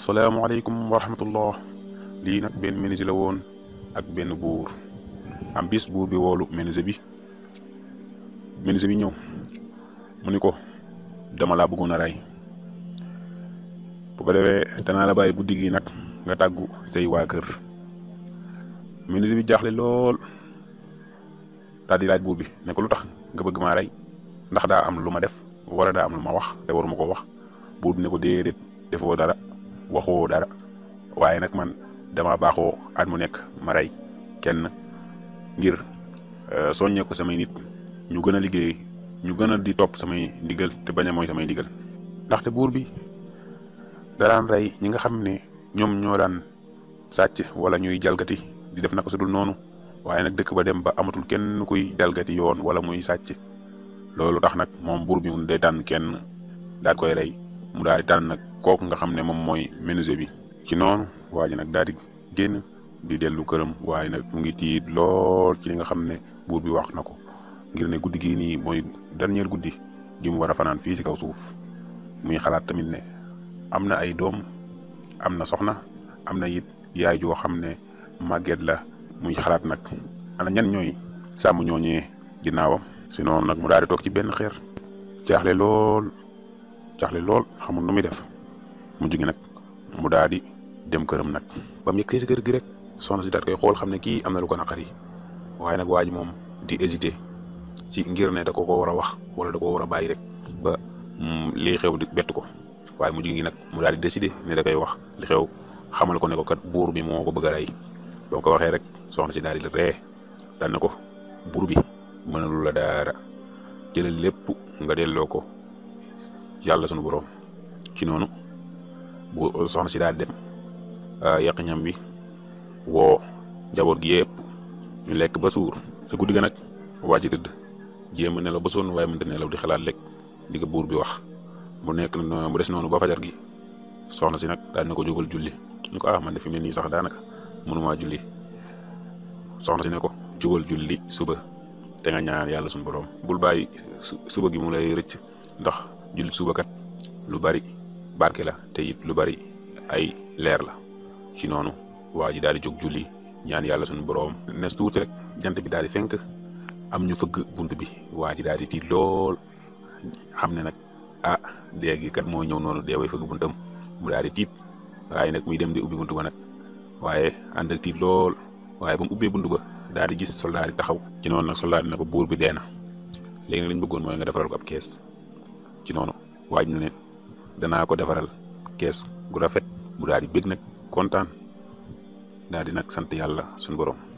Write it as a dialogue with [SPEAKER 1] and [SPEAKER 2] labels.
[SPEAKER 1] salaamaaleykum wa rahmatullah lii nag benn menuisier la woon ak benn buur am bis buur bi woolu menuisier bi menuisier bi ñëw mu ni ko dama laa bëggoon a rey ko defee danaa la bàyyi guddi gi nag nga tàggu say waa kër menuisier bi jaaxle lool daal di laaj buur bi ne lu tax nga bëgg maa rey ndax daa am lu ma def wala daa am lu ma wax te waruma ko wax buur bi ne ko déedéet defoo dara. waxoo dara waaye nag man dama baaxoo at mu nekk ma rey kenn ngir euh, soññee ko samay nit ñu gën a liggéey ñu gën a di topp samay ndigal te bañ a mooy samay ndigal ndaxte buur bi da daraan rey ñi nga xam ne ñoom ñoo daan sàcc wala ñuy jalgati di def na ko dul noonu waaye nag dëkk ba dem ba amatul kenn kuy jalgati yoon wala muy sàcc loolu tax nag moom buur bi mu day tànn kenn daal koy rey mu daal di tànn nag kooku nga xam ne moom mooy menuisier bi ci noonu waa nag daal di génn di dellu këram waaye nag mu ngi tiit lool ci li nga xam ne buur bi wax na ko ngir ne guddi gii nii mooy dernier guddi gi mu war a fanaan fii si kaw suuf muy xalaat tamit ne am na ay doom am na soxna am na yit yaay joo xam ne màgget la muy xalaat nag ana ñan ñooy sàmm ñooñee ginnaawam si noonu nag mu daal di toog ci benn xeer jaaxle lool jaaxle lool xamul nu muy def. mujj gi nag mu daal di dem këram nag ba mu yegg si kër gi rek soxna si daat koy xool xam ne kii am na lu ko naqari waaye nag waa moom di hésité si ngir ne da ko ko war a wax wala da ko war a bàyyi rek ba mm, lii xew di bett ko waaye mujj gi nag mu daal di décidé ne da koy wax li xew xamal ko ne ko kat buur bi moo ko bëgg a rey ba ko waxee rek soxna si daal di ree daal ne ko buur bi mënalu la daara jëlal lépp nga delloo ko yàlla sunu borom ci bo soxna si daal dem ah, yàq ñam bi woo gi yëpp ñu lekk ba suur sa guddi ga nag waa ji dëdd jéem a nelaw ba sonn waaye mënta nelaw di xalaat lekk di ko buur bi wax mu nekk mu des noonu ba fajar gi soxna si nag daal na ko jógal julli ñu ko ah de fi mu ne sax daanaka mënumaa julli soxna si ne ko jógal julli suba te nga ñaan yàlla suñu borom bul bàyyi suba gi mu lay rëcc ndax julli suba kat lu bari. barke la te it lu bari ay leer la ci noonu waa ji daal di jóg julli ñaan yàlla suñu boroom nes tuuti rek jant bi daal di fenk am ñu fëgg bunt bi waa ji daal di tiit lool xam ne nag ah dee gi ñëw noonu dee way fëgg mu daal di tiit waaye nag muy dem di ubbi bunt ba nag waaye ànd ak tiit lool waaye ba mu ubbee bunt ba daal di gis soldaar yi taxaw ci noonu nag soldaar yi na ko buur bi dee na léegi nag lañ bëggoon mooy nga defaral ko ab kees ci noonu waaj na ne danaa ko defaral kees gu rafet bu daadi di bég nag kontaan daal di nag sant yàlla suñu borom.